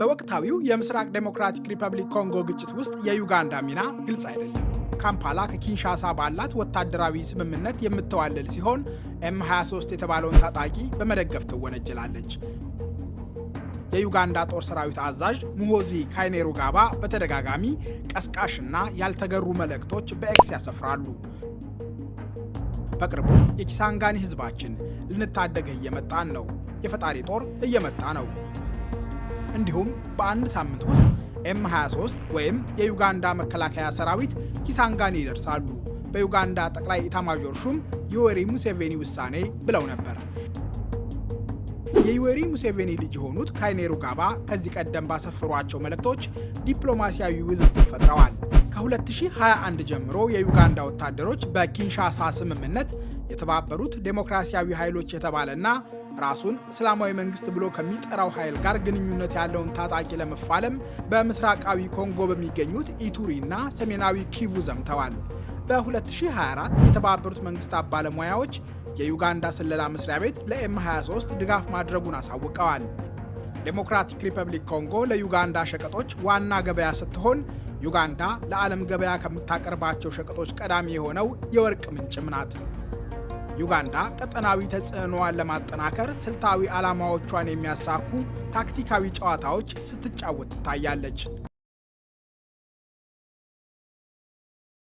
በወቅታዊው የምስራቅ ዴሞክራቲክ ሪፐብሊክ ኮንጎ ግጭት ውስጥ የዩጋንዳ ሚና ግልጽ አይደለም። ካምፓላ ከኪንሻሳ ባላት ወታደራዊ ስምምነት የምትዋለል ሲሆን ኤም 23 የተባለውን ታጣቂ በመደገፍ ትወነጀላለች። የዩጋንዳ ጦር ሰራዊት አዛዥ ሙሆዚ ካይኔሩ ጋባ በተደጋጋሚ ቀስቃሽና ያልተገሩ መልእክቶች በኤክስ ያሰፍራሉ። በቅርቡ የኪሳንጋኒ ህዝባችን ልንታደገ እየመጣን ነው፣ የፈጣሪ ጦር እየመጣ ነው እንዲሁም በአንድ ሳምንት ውስጥ ኤም 23 ወይም የዩጋንዳ መከላከያ ሰራዊት ኪሳንጋኒ ይደርሳሉ በዩጋንዳ ጠቅላይ ኢታማዦር ሹም ዮዌሪ ሙሴቬኒ ውሳኔ ብለው ነበር። የዩዌሪ ሙሴቬኒ ልጅ የሆኑት ካይኔሩ ጋባ ከዚህ ቀደም ባሰፈሯቸው መልእክቶች ዲፕሎማሲያዊ ውዝግብ ፈጥረዋል። ከ2021 ጀምሮ የዩጋንዳ ወታደሮች በኪንሻሳ ስምምነት የተባበሩት ዴሞክራሲያዊ ኃይሎች የተባለና ራሱን እስላማዊ መንግስት ብሎ ከሚጠራው ኃይል ጋር ግንኙነት ያለውን ታጣቂ ለመፋለም በምስራቃዊ ኮንጎ በሚገኙት ኢቱሪ እና ሰሜናዊ ኪቩ ዘምተዋል። በ2024 የተባበሩት መንግስታት ባለሙያዎች የዩጋንዳ ስለላ መስሪያ ቤት ለኤም 23 ድጋፍ ማድረጉን አሳውቀዋል። ዴሞክራቲክ ሪፐብሊክ ኮንጎ ለዩጋንዳ ሸቀጦች ዋና ገበያ ስትሆን ዩጋንዳ ለዓለም ገበያ ከምታቀርባቸው ሸቀጦች ቀዳሚ የሆነው የወርቅ ምንጭም ናት። ዩጋንዳ ቀጠናዊ ተጽዕኖዋን ለማጠናከር ስልታዊ ዓላማዎቿን የሚያሳኩ ታክቲካዊ ጨዋታዎች ስትጫወት ትታያለች።